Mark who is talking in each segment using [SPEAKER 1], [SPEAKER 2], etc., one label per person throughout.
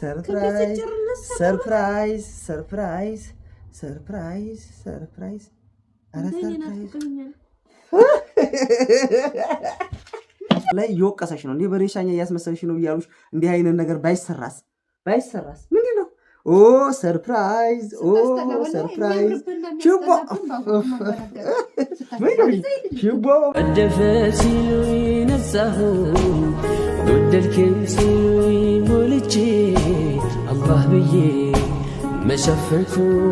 [SPEAKER 1] ሰርፕራይዝ ሰርፕራይዝ ሰርፕራይዝ ሰርፕራይዝ ላይ እየወቀሰሽ ነው እንዴ? በሬሻኛ እያስመሰልሽ ነው ብያሉሽ። እንዲህ አይነት ነገር ባይሰራስ ባይሰራስ ኦ ሰርፕራይዝ! ኦ ሰርፕራይዝ! ችቦ ችቦ እደፈ ሲሉ ነጻሁ ጎደልክም ሲሉ ሞልቼ አላህ ብዬ መሸፈንኩኝ።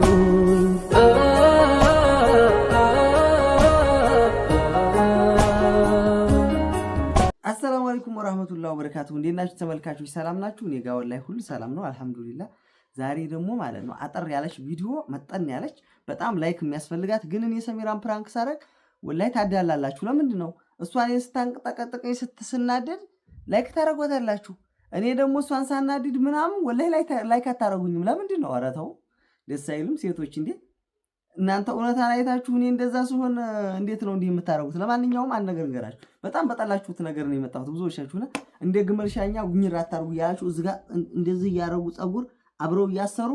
[SPEAKER 1] አሰላሙ አለይኩም ወራህመቱላሂ ወበረካቱሁ። እንዴት ናችሁ ተመልካቾች? ሰላም ናችሁ? እኔ ጋር ወላሂ ሁሉ ሰላም ነው፣ አልሐምዱሊላህ ዛሬ ደግሞ ማለት ነው አጠር ያለች ቪዲዮ መጠን ያለች በጣም ላይክ የሚያስፈልጋት ግን እኔ ሰሜራን ፕራንክ ሳረግ ወላይ ታዳላላችሁ። ለምንድን ነው እሷን እኔን ስትስናደድ ላይክ ታደረጎታላችሁ? እኔ ደግሞ እሷን ሳናድድ ምናምን ወላይ ላይክ አታረጉኝም። ለምንድን ነው? ኧረ ተው ደስ አይልም። ሴቶች እንዴ እናንተ እውነታ አይታችሁ እኔ እንደዛ ሲሆን እንዴት ነው እንዲህ የምታደረጉት? ለማንኛውም አንድ ነገር ንገራችሁ። በጣም በጠላችሁት ነገር ነው የመጣሁት። ብዙዎቻችሁ እንደ ግመልሻኛ ጉኝራ አታርጉ እያላችሁ እዚጋ እንደዚህ እያደረጉ ጸጉር አብረው እያሰሩ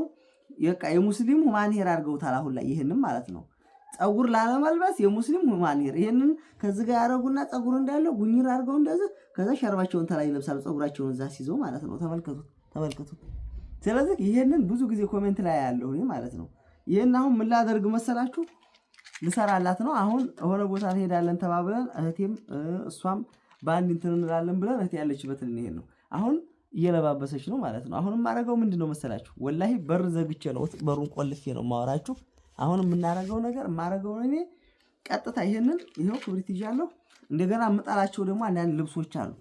[SPEAKER 1] የሙስሊም ሁማንሄር አድርገውታል። አሁን ላይ ይህንም ማለት ነው ጸጉር ላለመልበስ የሙስሊም ሁማንሄር ይህንን ከዚህ ጋር ያደረጉና ጸጉር እንዳለው ጉኝር አድርገው እንደዚህ ከዛ ሸርባቸውን ተላይ ይለብሳሉ። ጸጉራቸውን እዛ ሲይዘው ማለት ነው። ተመልከቱ። ተመልከቱት። ስለዚህ ይህንን ብዙ ጊዜ ኮሜንት ላይ ያለሁ እኔ ማለት ነው። ይህን አሁን ምን ላደርግ መሰላችሁ ልሰራላት ነው። አሁን የሆነ ቦታ እንሄዳለን ተባብለን እህቴም እሷም በአንድ እንትን እንላለን ብለን እህቴ ያለችበትን ይሄን ነው አሁን እየለባበሰች ነው ማለት ነው። አሁን የማደርገው ምንድን ነው መሰላችሁ? ወላሂ በር ዘግቼ ነው በሩን ቆልፌ ነው ማወራችሁ። አሁን የምናደርገው ነገር የማደርገው እኔ ቀጥታ ይሄንን ይኸው ክብሪት ይዣለሁ። እንደገና የምጣላቸው ደግሞ አንዳንድ ልብሶች አሉ።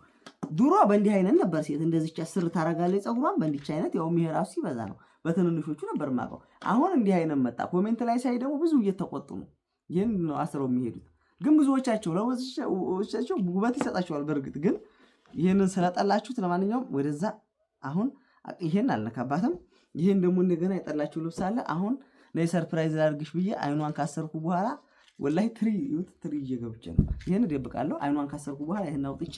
[SPEAKER 1] ድሮ በእንዲህ አይነት ነበር ሴት እንደዚች ስር ታደርጋለች ፀጉሯን በእንዲች አይነት ያው ይሄ ራሱ ሲበዛ ነው። በትንንሾቹ ነበር ማቀው። አሁን እንዲህ አይነት መጣ። ኮሜንት ላይ ሳይ ደግሞ ብዙ እየተቆጡ ነው። ይህን ነው አስረው የሚሄዱት። ግን ብዙዎቻቸው ለወቻቸው ውበት ይሰጣቸዋል። በእርግጥ ግን ይህንን ስለጠላችሁት ለማንኛውም ወደዛ አሁን ይሄን አልነካባትም። ይህን ደግሞ እንደገና የጠላችሁ ልብስ አለ። አሁን ነይ ሰርፕራይዝ ላድርግሽ ብዬ አይኗን ካሰርኩ በኋላ ወላሂ ትሪ ይሁት ትሪ እየገብቼ ነው። ይህን እደብቃለሁ። አይኗን ካሰርኩ በኋላ ይህን አውጥቼ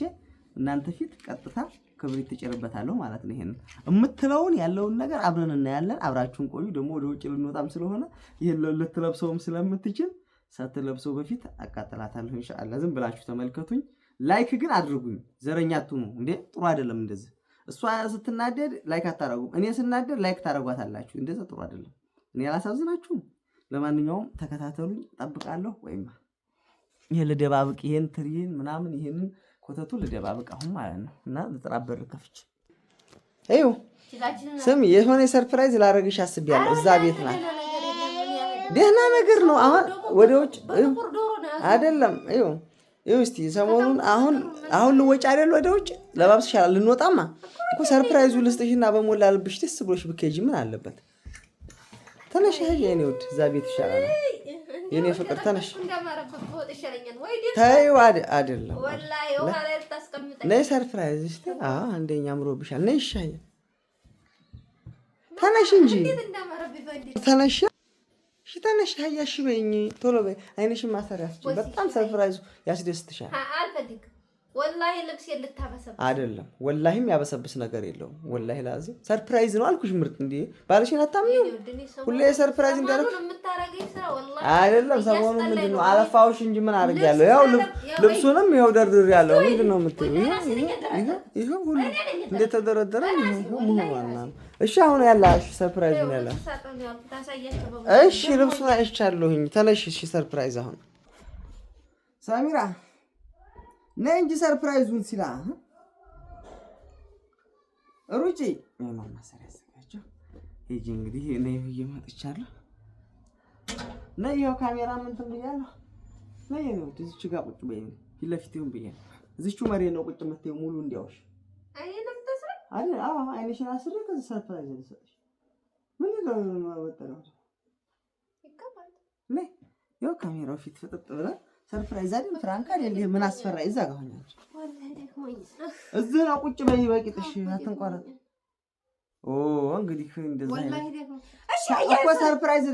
[SPEAKER 1] እናንተ ፊት ቀጥታ ክብሪት ትጭርበታለሁ ማለት ነው። ይሄን የምትለውን ያለውን ነገር አብረን እናያለን። አብራችሁን ቆዩ። ደግሞ ወደ ውጭ ልንወጣም ስለሆነ ይህን ልትለብሰውም ስለምትችል ሳትለብሰው በፊት አቃጥላታለሁ። ኢንሻአላህ ዝም ብላችሁ ተመልከቱኝ። ላይክ ግን አድርጉኝ። ዘረኛ አትሁኑ እንዴ! ጥሩ አይደለም እንደዚህ። እሷ ስትናደድ ላይክ አታረጉም፣ እኔ ስናደድ ላይክ ታረጓታላችሁ። እንደዚህ ጥሩ አይደለም። እኔ አላሳዝናችሁም። ለማንኛውም ተከታተሉኝ፣ ጠብቃለሁ። ወይም ይሄ ልደባብቅ፣ ይሄን ትሪን ምናምን ይሄንን ኮተቱ ልደባብቅ አሁን ማለት ነው። እና ልጥራት ከፍች ከፍቼ ስም የሆነ ሰርፕራይዝ ላረግሽ አስቤያለሁ። እዛ ቤት ናት። ደህና ነገር ነው። አሁን ወደ ውጭ አይደለም። ይኸው ይኸው እስኪ ሰሞኑን አሁን አሁን ልወጪ አይደል? ወደ ውጭ ለባብስ ይሻላል። ልንወጣማ እኮ ሰርፕራይዙ ልስጥሽና በሞላ ልብሽ ደስ ብሎሽ ብትሄጂ ምን አለበት? ተነሽ የኔ ውድ፣ እዛ ቤት ይሻላል። የኔ ፍቅር ተነሽ። ተይው አይደለም ነይ፣ ሰርፕራይዝ ስ አንደኛ አምሮብሻል። ነይ ይሻላል። ተነሽ እንጂ ተነሽ። ሽታነሽ ያያሽ በኝ ቶሎ በይ። አይንሽን ማሰሪያ ስጪ። በጣም ሰርፕራይዙ ያስደስትሻል። ወላሂ ልብስ ልታበሰብስ አይደለም። ወላሂም ያበሰብስ ነገር የለውም። ወላሂ ላዚ ሰርፕራይዝ ነው አልኩሽ። ምርጥ እንዲ ባልሽን አታምኚው። ሁሌ ሰርፕራይዝ እንዳደረግ አይደለም። ሰሞኑ ምንድን ነው አለፋውሽ እንጂ ምን አድርግ ያለው ያው ልብሱንም ይኸው ደርድር ያለው ምንድን ነው የምትይው? ይኸው ሁሉ እንደተደረደረ መሆኗና እሺ፣ አሁን ያለ ሰርፕራይዝ ነው ያላ። እሺ ልብሱን አይቻለሁኝ። ተነሽ፣ እሺ ሰርፕራይዝ አሁን ሳሚራ ነይ እንጂ ሰርፕራይዙን ሲላ ሩጪ ማማሰሪያ ያዘጋጀው ሂጂ እንግዲህ ነይ ብዬ መጥቻለሁ። ነይ ይኸው ካሜራ ምንትን ብያለሁ። ነይ ነው እዚች ጋር ቁጭ በይ ፊት ለፊት ይሁን ብያለሁ። እዚቹ መሬ ነው ቁጭ የምትይው ሙሉ እንዲያውሽ አይንሽን አስሬ ከዚህ ሰርፕራይዝ ልሰጥሽ ምን ነው ወጠረው ይኸው ካሜራው ፊት ፍጥጥ ብለን ሰርፕራይዝ አይደል? ፍራንካ አይደል? ምን አስፈራ? እዛ ጋር ሆኛል። እዚህ ነው ቁጭ በይ፣ በቂጥሽ አትንቆረጥ። ኦ እንግዲህ እንደዛ እኮ ሰርፕራይዝ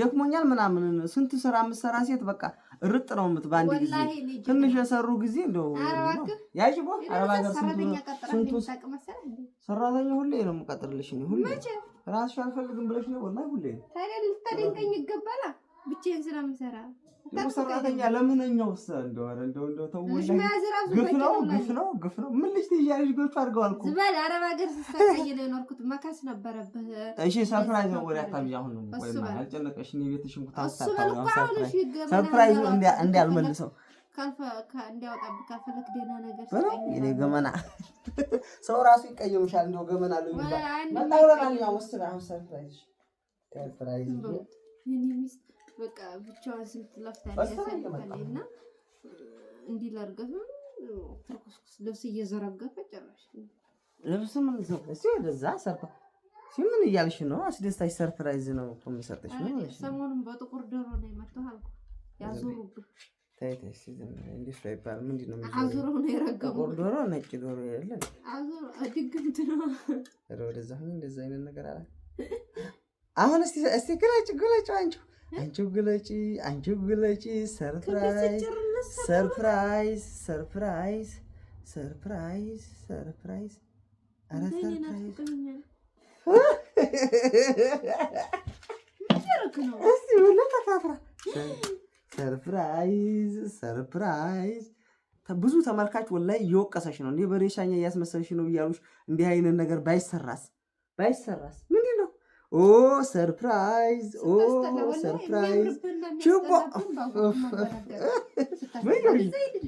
[SPEAKER 1] ደክሞኛል ምናምን። ስንት ስራ የምትሰራ ሴት በቃ ርጥ ነው የምት በአንድ ጊዜ ትንሽ የሰሩ ጊዜ እንደው ያጅቦ አረብ ሀገር ስንቱ ሰራተኛ ሁሌ ነው የምቀጥርልሽ። ሁሌ ራስሽ አልፈልግም ብለሽ ነው ወላሂ። ሁሌ
[SPEAKER 2] ታዲያ ልታደንቀኝ ይገባላ ብቻዬን ስለምሰራ
[SPEAKER 1] ደግሞ ሰራተኛ ለምንኛውስ እንደው ኧረ እንደው እንደው
[SPEAKER 2] ተው፣ ግፍ ነው ግፍ ነው
[SPEAKER 1] ግፍ ነው። ምን ልጅ ትይዣለሽ? ግፍ አድርገዋል እኮ
[SPEAKER 2] ዝበል። አረብ ሀገር ስትሰቃይ ነው የኖርኩት። መካስ ነበረብህ።
[SPEAKER 1] እሺ ሰርፕራይዝ ነው ወዲያ ታምጂ። አሁን ወይ አልጨነቀሽ? እኔ ቤትሽን ሰርፕራይዝ እንዳልመልሰው
[SPEAKER 2] እንዲያወጣብህ ካልፈለክ
[SPEAKER 1] ደህና ገመና ሰው ራሱ ይቀየምሻል። እንደው ገመና ለመናውረናል ያውስ ራሱ ሰርፕራይዝ ሰርፕራይዝ በቃ ብቻዋን ስንት
[SPEAKER 2] ለፍታ ያሳልፋልና እንዲህ ላድርገት ትርኩስኩስ ልብስ እየዘረገፈ ጨረሽ
[SPEAKER 1] ልብስ ምን ነው? ወደዛ ሰርታ ምን እያልሽ ነው? አስደስታሽ ሰርፕራይዝ ነው እኮ የምሰጥሽ። ሰሞኑን በጥቁር ዶሮ ነው የመጣው ያዙሩብህ አዙሩ
[SPEAKER 2] ነው
[SPEAKER 1] ጥቁር ዶሮ፣ ነጭ ዶሮ ነው። ነገር አላ አሁን እስቲ እስቲ ግለጭ ግለጭ አንቺው አንቺው ግለጪ አንቺው ግለጪ ሰርፕራይዝ ሰርፕራይዝ ሰርፕራይዝ ሰርፕራይዝ ሰርፕራይዝ ኧረ ሰርፕራይዝ ሰርፕራይዝ ሰርፕራይዝ ብዙ ተመልካች ወላሂ እየወቀሰሽ ነው። እንደ በሬ ሻኛ እያስመሰልሽ ነው እያሉሽ እንዲህ አይነት ነገር ባይሰራስ ባይሰራስ ኦ ሰርፕራይዝ! ኦ ሰርፕራይዝ! ችቦ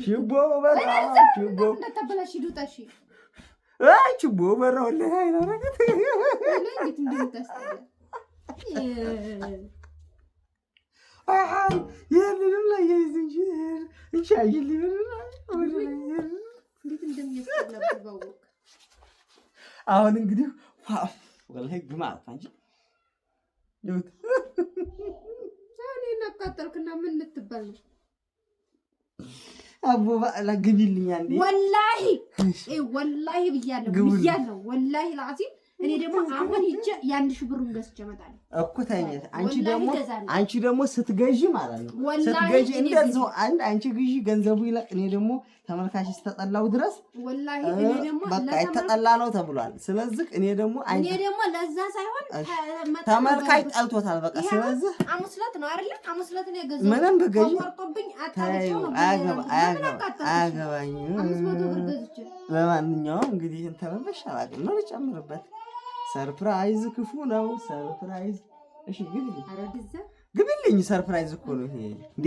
[SPEAKER 1] ችቦ ችቦ በራሁልህ አይናረገት ይህንንም ላያይዝ እንጂ እንጂ አይልም አሁን እንግዲህ ወላሂ ግማ እንጂ ይሁት
[SPEAKER 2] ሳኔ አቃጠልክና ምን ነው?
[SPEAKER 1] አቦ በዓላ ግቢልኝ አንዴ።
[SPEAKER 2] ወላሂ ወላሂ ብያለሁ ብያለሁ። ወላሂ እኔ ደግሞ አሁን የአንድ ሺህ ብሩን ገዝቼ እመጣለሁ
[SPEAKER 1] እኮ አንቺ ደግሞ አንቺ ደግሞ ስትገዢ ማለት ነው ስትገዢ አንድ አንቺ ግዢ ገንዘቡ እኔ ደግሞ ተመልካች ስተጠላው ድረስ
[SPEAKER 2] በቃ የተጠላ
[SPEAKER 1] ነው ተብሏል። ስለዚህ እኔ ደግሞ
[SPEAKER 2] እኔ ደግሞ ለዛ ሳይሆን
[SPEAKER 1] ተመልካች ጠልቶታል። በቃ ስለዚህ ምንም ብገኝ አያገባኝም። ለማንኛውም እንግዲህ ተመለሽ አላቅም ነው ልጨምርበት። ሰርፕራይዝ ክፉ ነው። ሰርፕራይዝ እሺ፣ ግብልኝ ግብልኝ። ሰርፕራይዝ እኮ ነው ይሄ እንዴ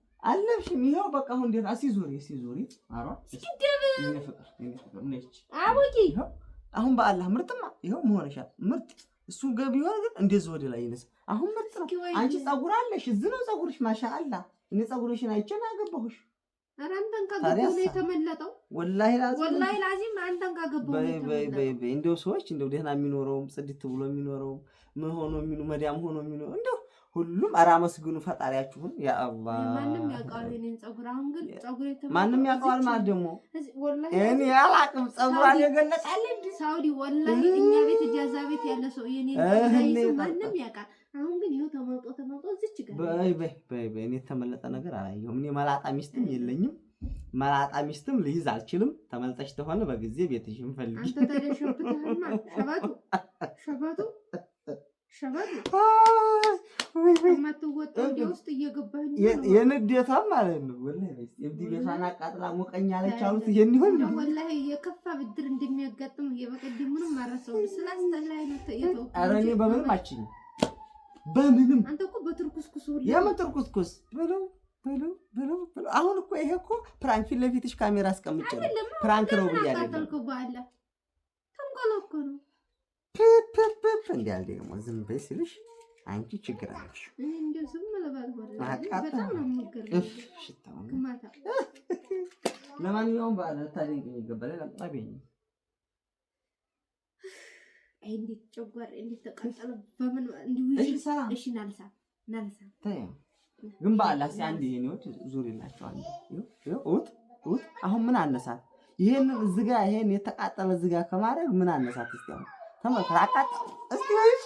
[SPEAKER 1] አለብሽም ይኸው በቃ አሁን እንዴት አሲዙሪ ሲዙሪ አሁን በአላህ ምርጥማ ይኸው መሆንሻል። ምርጥ እሱ ገብ ይሆን ግን እንደዚህ ወደ ላይ ይነስ። አሁን ምርጥ ነው። አንቺ ፀጉር አለሽ፣ እዚህ ነው ፀጉርሽ። ማሻአላ እኔ ፀጉርሽን አይቼ ነው የተመለጠው።
[SPEAKER 2] ላዚም አንተን
[SPEAKER 1] ነው እንደው ሰዎች እንደው ደህና የሚኖረውም ጽድት ብሎ የሚኖረውም ምን ሆኖ የሚሉ ሆኖ የሚኖረው እንደው ሁሉም ራሞስ ግኑ ፈጣሪያችሁን ያ አላህ
[SPEAKER 2] ማንም ያውቀዋል። እኔን ፀጉር አሁን ግን ፀጉር
[SPEAKER 1] የተማ ማንም ያውቀዋል ማለት ደግሞ እኔ አላቅም። ፀጉር አልገለጻለ
[SPEAKER 2] ሳውዲ ወላሂ እኛ ቤት እጃዛ ቤት ያለ ሰው የኔ ማንም ያውቃል። አሁን ግን ይኸው ተመልጦ ተመልጦ
[SPEAKER 1] እዚች ጋር በይ በይ በይ እኔ የተመለጠ ነገር አላየሁም። እኔ መላጣ ሚስትም የለኝም። መላጣ ሚስትም ልይዝ አልችልም። ተመልጠሽ ተሆነ በጊዜ ቤትሽን ፈልጊ።
[SPEAKER 2] አንተ ተደሽብትህማ ሸበቱ ሸበቱ ሸበቱ
[SPEAKER 1] የንዴታ ማለት ነው። ቤቷን አቃጥላ ሞቀኝ አለች አሉት። ይሄን ይሆን
[SPEAKER 2] ወላሂ የከፋ ብድር እንደሚያጋጥም የበቀደሙንም አረሰው ስላስተላይ ነው ተይተው። ኧረ እኔ በምንም አችኝ
[SPEAKER 1] በምንም አንተ
[SPEAKER 2] እኮ በትርኩስኩስ ሁሉ የምን ትርኩስኩስ
[SPEAKER 1] ብለው ብለው ብለው አሁን እኮ ይሄ እኮ ፕራንክ ፊት ለፊትሽ ካሜራ አስቀምጫለሁ። ፕራንክ ነው ብያለሁ።
[SPEAKER 2] ተንኮል እኮ ነው።
[SPEAKER 1] ፕፕፕ እንዲያል ደግሞ ዝም በይ ሲልሽ አንቺ ችግር አለሽ። ለማንኛውም ባለ ታዲያ ይገባል።
[SPEAKER 2] እንዴት ጨጓራ እንዴት ተቃጠለ? በምን
[SPEAKER 1] እንዲሁ እሺ፣ ናልሳ ናልሳ ግን አንድ ዙር ይላቸዋል። አሁን ምን አነሳት? ይሄን ዝጋ፣ ይሄን የተቃጠለ ዝጋ ከማድረግ ምን አነሳት? እስቲ አሁን ተመልከት፣ እስቲ እስኪ